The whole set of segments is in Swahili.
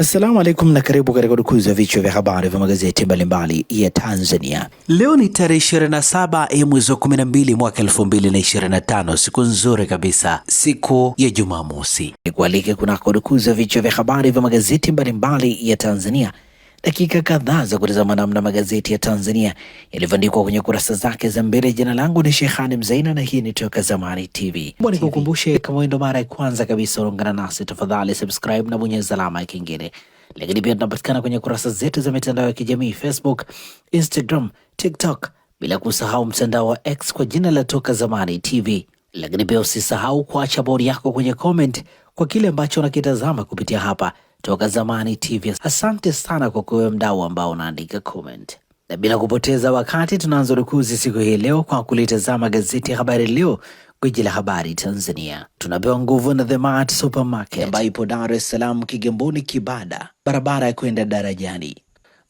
Assalamu alaikum na karibu katika udukuzi wa vichwa vya habari vya magazeti mbalimbali ya Tanzania. Leo ni tarehe 27 ya eh, mwezi wa 12 mwaka 2025, siku nzuri kabisa, siku ya Jumamosi. Nikualike kunako udukuzi wa vichwa vya habari vya magazeti mbalimbali ya Tanzania dakika kadhaa za kutazama namna magazeti ya Tanzania yalivyoandikwa kwenye kurasa zake za mbele. Jina langu ni Sheikhani Mzaina na hii ni Toka Zamani TV. Mbona nikukumbushe, kama ndo mara ya kwanza kabisa unaungana nasi, tafadhali subscribe na bonyeza alama ya kengele. Lakini pia tunapatikana kwenye kurasa zetu za mitandao ya kijamii Facebook, Instagram, TikTok, bila kusahau mtandao wa X kwa jina la Toka Zamani TV. Lakini pia usisahau kuacha bodi yako kwenye comment kwa kile ambacho unakitazama kupitia hapa toka zamani TV. Asante sana kwa kuwe mdau ambao unaandika comment, na bila kupoteza wakati tunaanza rukuzi siku hii leo kwa kulitazama gazeti ya Habari Leo, gwiji la habari Tanzania. Tunapewa nguvu na The Mart Supermarket ambayo ipo Dar es Salaam, Kigamboni, Kibada, barabara ya kwenda darajani.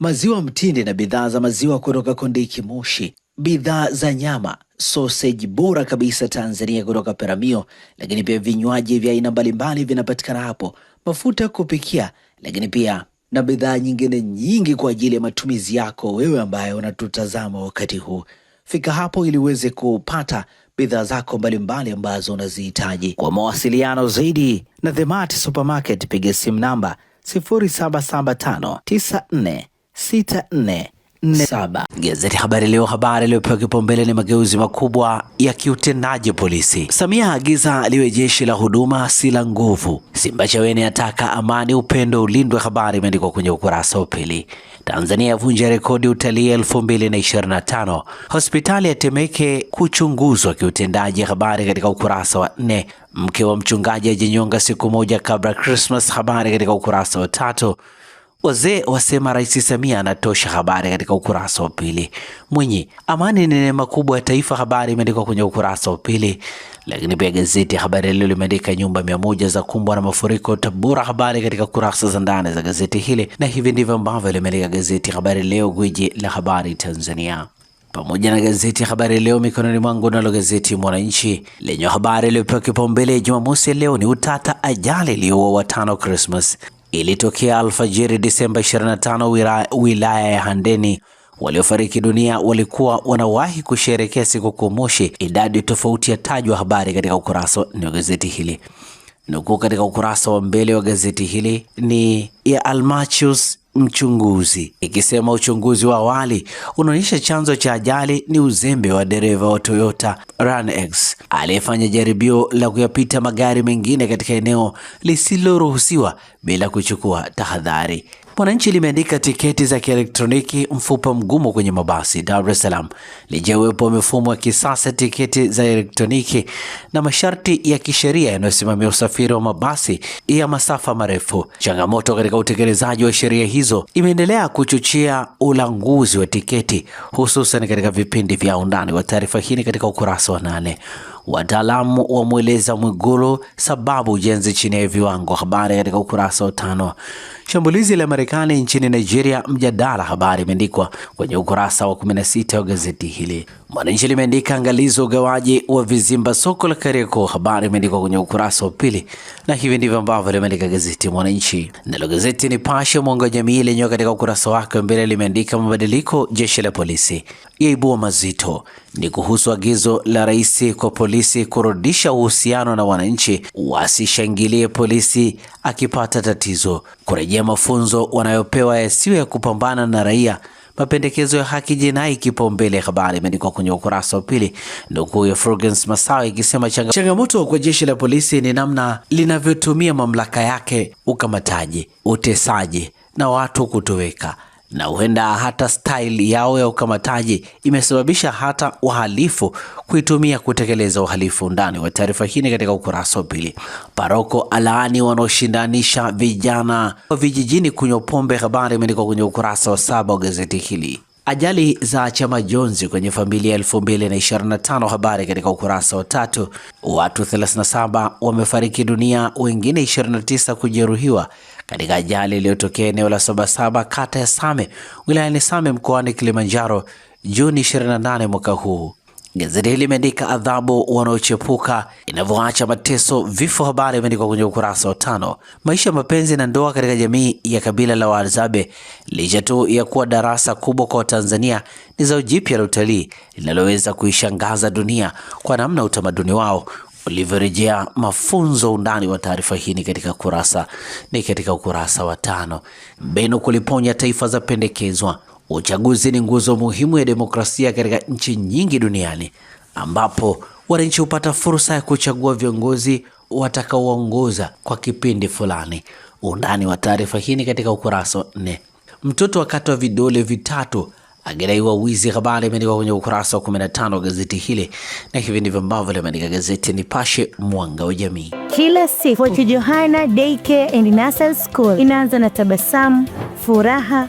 Maziwa mtindi na bidhaa za maziwa kutoka Kondiki Moshi, bidhaa za nyama sausage bora kabisa Tanzania kutoka Peramio, lakini pia vinywaji vya aina mbalimbali vinapatikana hapo, mafuta ya kupikia, lakini pia na bidhaa nyingine nyingi kwa ajili ya matumizi yako wewe ambaye unatutazama wakati huu. Fika hapo ili uweze kupata bidhaa zako mbalimbali ambazo unazihitaji. Kwa mawasiliano zaidi na Themart Supermarket, piga simu namba 0775946445 Saba. Gazeti Habari Leo, habari iliyopewa kipaumbele ni mageuzi makubwa ya kiutendaji polisi. Samia agiza liwe jeshi la huduma si la nguvu. Simbachawene ataka amani, upendo ulindwe. Habari imeandikwa kwenye ukurasa wa pili. Tanzania yavunja rekodi utalii 2025. Hospitali ya Temeke kuchunguzwa kiutendaji, habari katika ukurasa wa nne. Mke wa mchungaji ajinyonga siku moja kabla Christmas, habari katika ukurasa wa tatu. Wazee wasema Rais Samia anatosha. Habari katika ukurasa wa pili. Mwenye amani ni neema kubwa ya taifa, habari imeandikwa kwenye ukurasa wa pili. Lakini pia gazeti ya Habari Leo limeandika nyumba mia moja za kumbwa na mafuriko Tabora, habari katika kurasa za ndani za gazeti hili, na hivi ndivyo ambavyo limeandika gazeti Habari Leo, gwiji la habari Tanzania pamoja na gazeti ya Habari Leo mikononi mwangu, nalo gazeti Mwananchi lenye habari iliyopewa kipaumbele Jumamosi leo ni utata, ajali iliyoua watano Christmas ilitokea alfajiri Disemba 25 wilaya ya Handeni. Waliofariki dunia walikuwa wanawahi kusherekea sikukuu Moshi. Idadi tofauti ya tajwa habari katika ukurasa wa gazeti hili. Nukuu katika ukurasa wa mbele wa gazeti hili ni ya Almachius mchunguzi ikisema uchunguzi wa awali unaonyesha chanzo cha ajali ni uzembe wa dereva wa Toyota Ranex aliyefanya jaribio la kuyapita magari mengine katika eneo lisiloruhusiwa bila kuchukua tahadhari. Mwananchi limeandika tiketi za kielektroniki mfupa mgumu kwenye mabasi Dar es Salaam, licha uwepo wa mifumo ya kisasa tiketi za elektroniki na masharti ya kisheria yanayosimamia usafiri wa mabasi ya masafa marefu. Changamoto katika utekelezaji wa sheria hizo imeendelea kuchochea ulanguzi wa tiketi, hususan katika vipindi vya undani wa taarifa hii katika ukurasa wa nane. Wataalamu wamweleza Mwigulu sababu ujenzi chini ya viwango. Habari katika ukurasa wa tano. Shambulizi la Marekani nchini Nigeria, mjadala. Habari imeandikwa kwenye ukurasa wa 16 wa gazeti hili. Mwananchi limeandika angalizo ugawaji wa vizimba soko la Kariakoo. Habari imeandikwa kwenye ukurasa wa pili, na hivi ndivyo ambavyo limeandika gazeti Mwananchi. Nalo gazeti Nipashe mwanga wa jamii lenyewe katika ukurasa wake wa mbele limeandika mabadiliko jeshi la polisi yaibua mazito, ni kuhusu agizo la rais kwa polisi polisi kurudisha uhusiano na wananchi, wasishangilie polisi akipata tatizo, kurejea mafunzo wanayopewa yasiyo ya kupambana na raia mapendekezo ya haki jinai kipaumbele. Habari imeandikwa kwenye ukurasa wa pili, nukuu ya Fulgence Masawe ikisema changa... changamoto kwa jeshi la polisi ni namna linavyotumia mamlaka yake, ukamataji, utesaji na watu kutoweka na huenda hata style yao ya ukamataji imesababisha hata wahalifu kuitumia kutekeleza uhalifu. Ndani wa taarifa hii ni katika ukurasa wa pili. Paroko alaani wanaoshindanisha vijana wa vijijini kunywa pombe, habari imeandikwa kwenye ukurasa wa saba wa gazeti hili. Ajali za chama jonzi kwenye familia 2025 habari katika ukurasa wa tatu. Watu 37 wamefariki dunia, wengine 29 kujeruhiwa katika ajali iliyotokea eneo la Sabasaba kata ya Same wilayani Same mkoani Kilimanjaro Juni 28 mwaka huu. Gazeti hili limeandika adhabu wanaochepuka inavyoacha mateso, vifo. Habari imeandikwa kwenye ukurasa wa tano. Maisha ya mapenzi na ndoa katika jamii ya kabila la Wahadzabe, licha tu ya kuwa darasa kubwa kwa Watanzania, ni zao jipya la utalii linaloweza kuishangaza dunia kwa namna utamaduni wao ulivyorejea mafunzo. Undani wa taarifa hii ni katika kurasa ni katika ukurasa wa tano. Mbinu kuliponya taifa za pendekezwa. Uchaguzi ni nguzo muhimu ya demokrasia katika nchi nyingi duniani, ambapo wananchi hupata fursa ya kuchagua viongozi watakaoongoza kwa kipindi fulani. Undani wa taarifa hii ni katika ukurasa wa nne. Mtoto akatwa vidole vitatu akidaiwa wizi. Habari imeandikwa kwenye ukurasa wa 15 wa gazeti hili, na hivi ndivyo ambavyo limeandika gazeti Nipashe mwanga wa jamii. Kila siku Johanna Daycare and Nursery School inaanza na tabasamu, furaha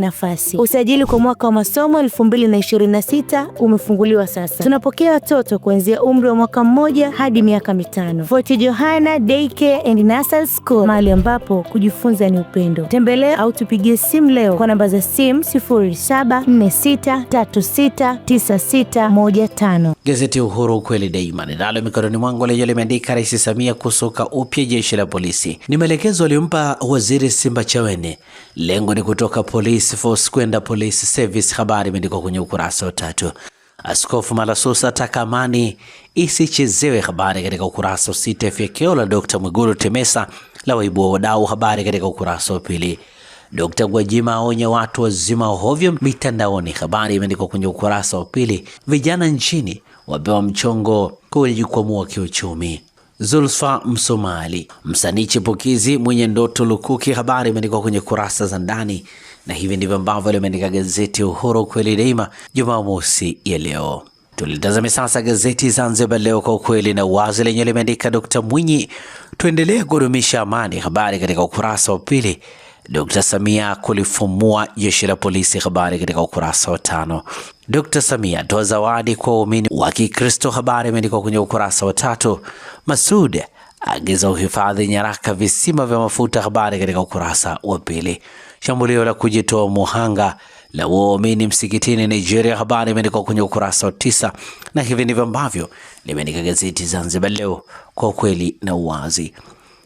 nafasi. Usajili kwa mwaka wa masomo 2026 umefunguliwa sasa. Tunapokea watoto kuanzia umri wa mwaka mmoja hadi miaka mitano. Fort Johanna Daycare and Nursery School, mahali ambapo kujifunza ni upendo. Tembelea au tupigie simu leo kwa namba za simu 0746369615. Gazeti Uhuru, kweli daima, ninalo mikononi mwangu lenye limeandika Rais Samia kusuka upya jeshi la polisi, ni maelekezo aliyompa Waziri Simba Chawene Lengo ni kutoka police force kwenda police service. Habari imeandikwa kwenye ukurasa wa tatu. Askofu Malasusa ataka amani isichezewe, habari katika ukurasa wa sita. Fyekeo la Dr. Mwigulu Temesa la waibua wadau, habari katika ukurasa wa pili. Dr. Gwajima aonya watu wazima hovyo mitandaoni, habari imeandikwa kwenye ukurasa wa pili. Vijana nchini wapewa mchongo kujikwamua kiuchumi. Zulfa Msomali, msanii chipukizi mwenye ndoto lukuki. Habari imeandikwa kwenye kurasa za ndani, na hivi ndivyo ambavyo limeandika gazeti Uhuru, kweli daima, Jumamosi ya leo. Tulitazame sasa gazeti Zanzibar Leo kwa ukweli na uwazi, lenyewe limeandika Dkt Mwinyi, tuendelee kudumisha amani. Habari katika ukurasa wa pili Dr. Samia kulifumua jeshi la polisi, habari katika ukurasa wa tano. Dr. Samia toa zawadi kwa waumini wa Kikristo, habari imeandikwa kwenye ukurasa wa tatu. Masud agiza uhifadhi nyaraka visima vya mafuta, habari katika ukurasa wa pili. Shambulio la kujitoa muhanga la waumini msikitini Nigeria, habari imeandikwa kwenye ukurasa wa tisa, na hivi ndivyo ambavyo limeandika gazeti Zanzibar Leo, kwa ukweli na uwazi.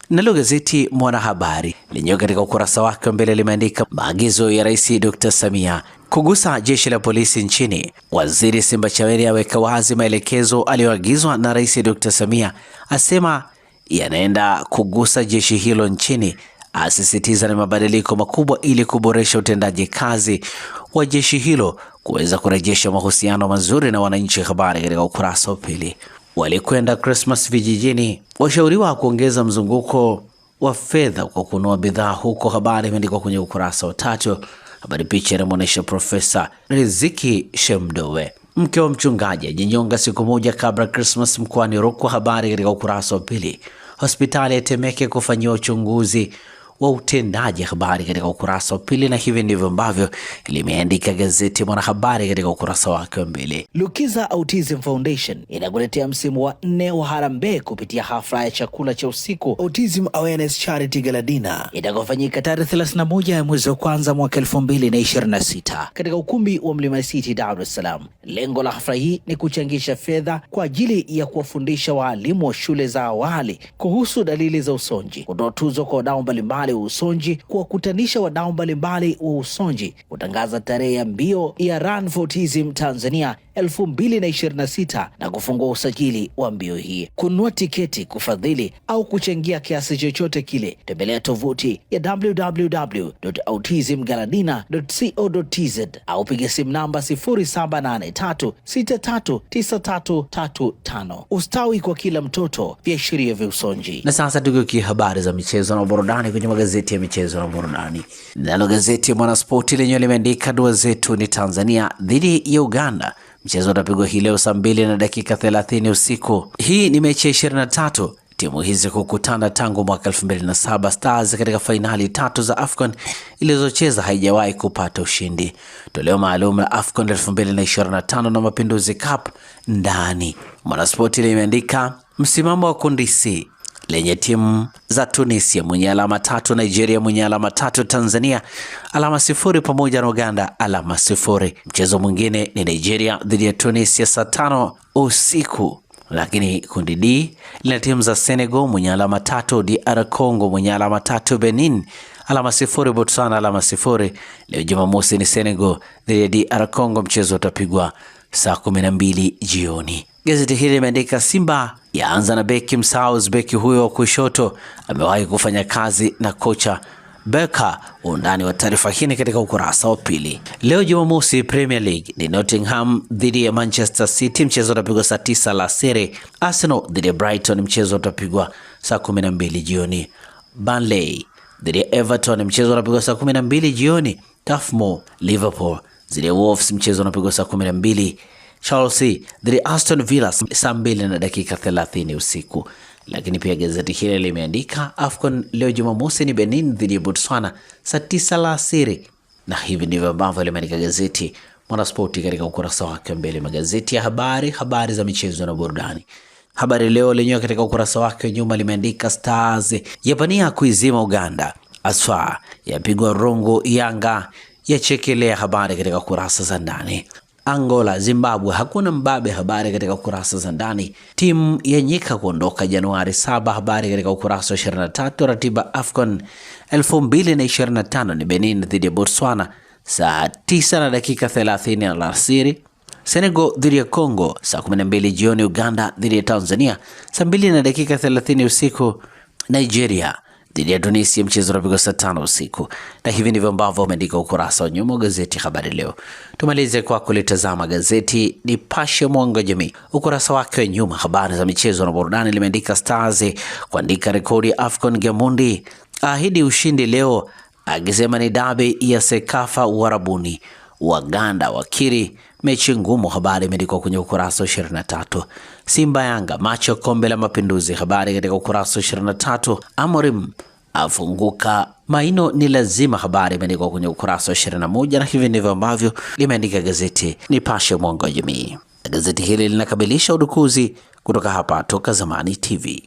Nalo gazeti Mwanahabari lenyewe katika ukurasa wake mbele limeandika maagizo ya Rais Dr. Samia kugusa jeshi la polisi nchini. Waziri Simbachawene aweka wazi maelekezo aliyoagizwa na Rais Dr. Samia, asema yanaenda kugusa jeshi hilo nchini, asisitiza ni mabadiliko makubwa ili kuboresha utendaji kazi wa jeshi hilo kuweza kurejesha mahusiano mazuri na wananchi. Habari katika ukurasa wa pili walikwenda Christmas vijijini, washauriwa kuongeza mzunguko wa fedha kwa kununua bidhaa huko. Habari imeandikwa kwenye ukurasa wa tatu. Habari picha inamwonyesha Profesa Riziki Shemdoe, mke wa mchungaji, ajinyonga siku moja kabla Christmas mkoani Rukwa. Habari katika ukurasa wa pili. Hospitali ya Temeke kufanyiwa uchunguzi wa utendaji habari katika ukurasa wa pili, na hivi ndivyo ambavyo limeandika gazeti Mwanahabari katika ukurasa wake wa mbili. Lukiza Autism Foundation inakuletea msimu wa nne wa harambee kupitia hafla ya chakula cha usiku Autism Awareness Charity galadina itakofanyika tarehe 31 ya mwezi wa kwanza mwaka 2026 katika ukumbi wa Mlima City, Dar es Salaam. Lengo la hafla hii ni kuchangisha fedha kwa ajili ya kuwafundisha waalimu wa shule za awali kuhusu dalili za usonji, kutoa tuzo kwa wadau mbalimbali mbalimbali wa Usonji kuwakutanisha wadau mbalimbali wa Usonji kutangaza tarehe ya mbio ya Run for Autism Tanzania 2026 na kufungua usajili wa mbio hii. Kununua tiketi, kufadhili au kuchangia kiasi chochote kile, tembelea tovuti ya www.autismgaladina.co.tz au piga simu namba 0783639335. Ustawi kwa kila mtoto, viashiria vya usonji. Na sasa tukiukia habari za michezo na burudani kwenye magazeti ya michezo na burudani, nalo gazeti ya Mwanaspoti lenyewe limeandika dua zetu ni Tanzania dhidi ya Uganda Mchezo utapigwa hii leo saa mbili na dakika 30 usiku. Hii ni mechi ya 23 timu hizi kukutana tangu mwaka 2007. Stars katika fainali tatu za AFCON ilizocheza haijawahi kupata ushindi. Toleo maalum la AFCON 2025 na Mapinduzi Cup ndani, Mwanaspoti limeandika msimamo wa kundi C lenye timu za Tunisia mwenye alama tatu, Nigeria mwenye alama tatu, Tanzania alama sifuri pamoja na Uganda alama sifuri. Mchezo mwingine ni Nigeria dhidi ya Tunisia saa tano usiku lakini kundi D lina timu za Senegal mwenye alama tatu, DR Congo mwenye alama tatu, Benin alama sifuri, Botswana alama sifuri. Leo Jumamosi ni Senegal dhidi ya DR Congo, mchezo utapigwa saa 12 jioni. Gazeti hili limeandika Simba yaanza na beki Msaus. Beki huyo wa kushoto amewahi kufanya kazi na kocha Beka. Undani wa taarifa hii ni katika ukurasa wa pili. Leo Jumamosi, Premier League ni Nottingham dhidi ya Manchester City, mchezo utapigwa saa tisa sere Arsenal dhidi ya Brighton, mchezo utapigwa saa kumi na mbili jioni. Burnley dhidi ya Everton, mchezo utapigwa saa kumi na mbili jioni. Tafmo Liverpool Zile Wolves mchezo unapigwa saa kumi na mbili. Chelsea dhidi Aston Villa saa mbili na dakika 30 usiku. Lakini pia gazeti hili limeandika AFCON leo Jumamosi ni Benin dhidi ya Botswana saa tisa la asiri, na hivi ndivyo ambavyo limeandika gazeti Mwanaspoti katika ukurasa wake mbele, magazeti ya habari, habari za michezo na burudani. Habari Leo lenyewe katika ukurasa wake wa nyuma limeandika Stars yapania kuizima Uganda, aswa yapigwa rongo Yanga yachekelea habari katika kurasa za ndani. Angola, Zimbabwe hakuna mbabe. Habari katika kurasa za ndani. Timu ya nyika kuondoka Januari 7. Habari katika ukurasa wa 23. Ratiba AFCON 2025 ni Benin dhidi ya Botswana saa 9 na dakika 30 alasiri. Senegal dhidi ya Congo saa 12 jioni. Uganda dhidi ya Tanzania saa 2 na dakika 30 usiku. Nigeria dhidi ya Tunisia. Mchezo unapigwa saa tano usiku, na hivi ndivyo ambavyo umeandika ukurasa wa nyuma wa gazeti Habari Leo. Tumalize kwa kulitazama gazeti Nipashe Mwanga wa Jamii, ukurasa wake wa nyuma, habari za michezo na burudani, limeandika Stars kuandika rekodi ya Afcon, gamundi ahidi ushindi leo, akisema ni dabi ya Sekafa Uarabuni. Waganda wakiri mechi ngumu. Habari imeandikwa kwenye ukurasa wa 23. Simba Yanga macho kombe la mapinduzi, habari katika ukurasa wa 23. Amorim afunguka maino ni lazima, habari imeandikwa kwenye ukurasa wa 21, na hivi ndivyo ambavyo limeandika gazeti Nipashe mwanga wa jamii. Gazeti hili linakamilisha udukuzi kutoka hapa Toka Zamani TV.